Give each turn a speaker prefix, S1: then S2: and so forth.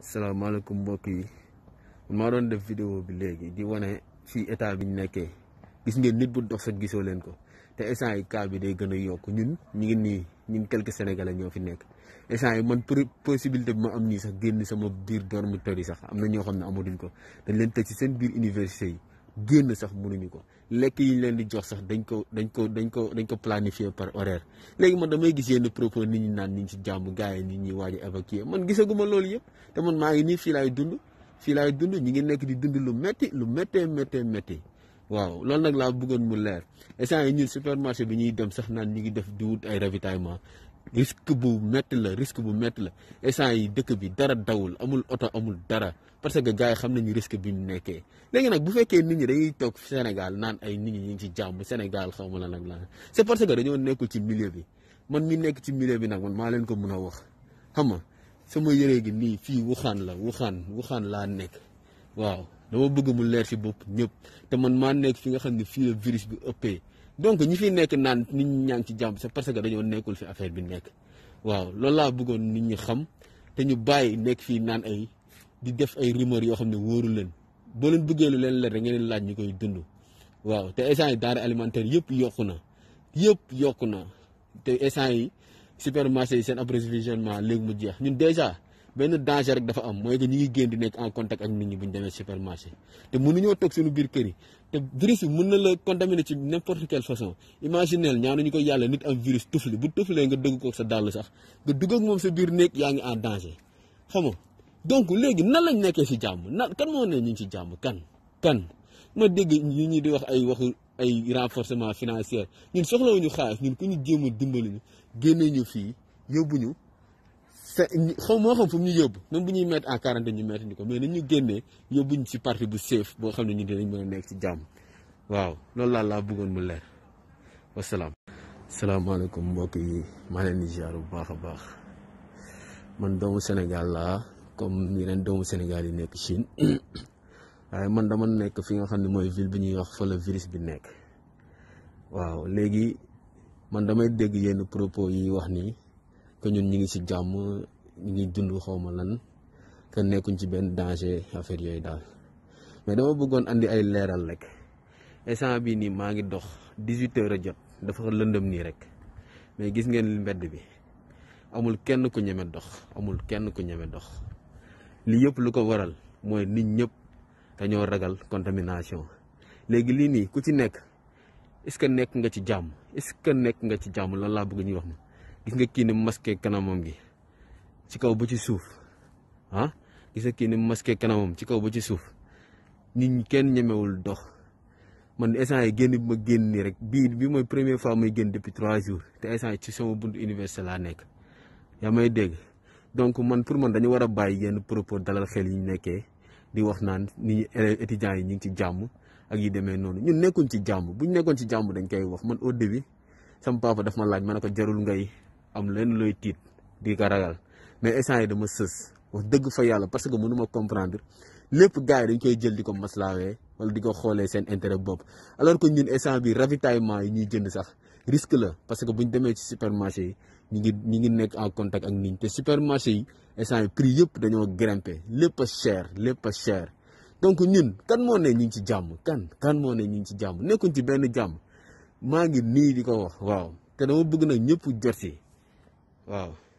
S1: salaamaaleykum mbokk yi maa doon def vidéo bi léegi di wane fii état bi ñu nekkee gis ngeen nit bu dox sax gisoo leen ko te instant yi cas bi day gën a yokk ñun ñu ngi nii ñun quelques sénégalais ñoo fi nekk. instant yi man possibilité bi ma am nii sax génn sama biir yi sax am na ñoo xam ne uñ ko dañ leen tëj si seen biir université yi. génn sax munuñu ko lekk yi leen di jox sax dañ ko dañ ko dañ ko dañ ko planifier par horaire léegi man damay gis yenn propos nit ñi naan ñu ngi ci jàmm gars yi nit ñi waaj a évacuer man gisaguma loolu yëpp te man maa ngi nii fii laay dund fii laay dund ñi ngi nekk di dund lu metti lu méttee méttee métti waaw loolu nag laa buggoon mu leer instant yi ñun supermarché bi ñuy dem sax naan ñu ngi def di wut ay ravitaillement risque bu métti la risque bu métti la essence yi dëkk bi dara dawul amul oto amul dara parce que gars yi xam nañu risque bi ñu nekkee léegi nag bu fekkee nit ñi dañuy toog Sénégal naan ay nit ñi ñu ngi ci jàmm Sénégal xaw ma la nag lan c'est parce que dañoo nekkul ci milieu bi man mi nekk ci milieu bi nag man maa leen ko mën a wax xama sama yére gi nii fii Wuhan la Wuhan Wuhan laa nekk waaw dama bëgg mu leer fi bopp ñëpp te man maa nekk fi nga xam ne fii la virus bi ëppee. donc ñi fi nekk naan nit ñi ñaa ci jàmm c'est parce que dañoo nekkul fi affaire bi nekk waaw loolu laa bëggoon nit ñi xam te ñu bàyyi nekk fii naan ay di def ay rumeur yoo xam ne wóoru leen boo leen bëggee lu leen leer da ngeen laaj ñu koy dundu waaw te essence yi denrées alimentaires yëpp yokku na yëpp yokku na te essence yi supermarché yi seen approvisionnement léegi mu jeex ñun déjà benn danger rek dafa am mooy que ñu ngi génn di nekk en contact ak nit ñi bu ñu demee supermarché te mënuñoo toog suñu biir kër yi te virus bi mën na la contaminer ci n'importe quelle façon imaginel ñaanuñu ko yàlla nit am virus tufli bu tuflee nga dëgg ko sa dàll sax nga dugg ak moom sa biir néeg yaa ngi en danger xam nga léegi nan lañ nekkee si jàmm nan kan moo nee ñu ngi si jàmm kan kan ma dégg ñu ñi di wax ay waxu ay renforcement financier ñun soxlawuñu xaalis ñun ku ñu jéem a dimbali ñu génne ñu fii yóbbu xaw moo xam fu mu ñu yóbbu même bu ñuy mettre en quarantaine ñu mettre ñu ko mais nañu ñu génnee yóbbuñ ci parti bu safe boo xam ne ñu dinañ mën a nekk ci jàmm waaw loolu laa laa bëggoon mu leer wasalaam. salaamaaleykum mbokk yi maa leen di ziar bu baax a baax man doomu Sénégal la comme yeneen doomu Sénégal yi nekk Chine waaye man dama nekk fi nga xam ne mooy ville bi ñuy wax fa la virus bi nekk waaw léegi man damay dégg yenn propos yi wax nii. que ñun ñu ngi si jàmm ñu ngi dund xawma lan ka nekkuñ ci benn danger affaire yooyu daal mais dama bëggoon andi ay leeral rek instant bi nii maa ngi dox 18 a jot dafa lëndëm nii rek mais gis ngeen mbedd bi amul kenn ku ñeme dox amul kenn ku ñeme dox lii yëpp lu ko waral mooy nit ñëpp dañoo ragal contamination léegi lii nii ku ci nekk est-ce que nekk nga ci jàmm est nekk nga ci jàmm lan laa bëgg ñu wax ma gis nga kii ni masqué kanamam gi ci kaw ba ci souf ah gis nga kii ni masqué kanamam ci kaw ba ci souf nit ñi kenn ñemewul dox man instant yi génn bi ma génn rek bi bi moy première fois may génn depuis 3 jours té instant ci sama buntu université la nek ya may dégg donc man pour man dañu wara bay yenn propos dalal xel yi ñu di wax naan ni étudiant yi ñu ci jamm ak yi démé non ñun nekkun ci jamm bu ñu nekkoon ci jamm dañ koy wax man au début sama papa daf ma laaj manako jarul ngay am leen looy tiit di ko ragal mais instant yi dama sës wax dëgg fa yàlla parce que mënuma comprendre lépp gars yi dañ koy jël di ko maslaawee wala di ko xoolee seen intérêt bopp alors que ñun instant bi ravitaillement yi ñuy jënd sax risque la parce que bu ñu demee ci supermarché yi ñu ngi ñu ngi nekk en contact ak nit ñi te supermarché yi instant yi prix yëpp dañoo grimpé lépp a cher lépp a cher donc ñun kan moo ne ñu ngi ci jàmm kan kan moo ne ñu ngi ci jàmm nekkuñ ci benn jàmm maa ngi nii di ko wax waaw te bëgg nag ñëpp jot Wow. Oh.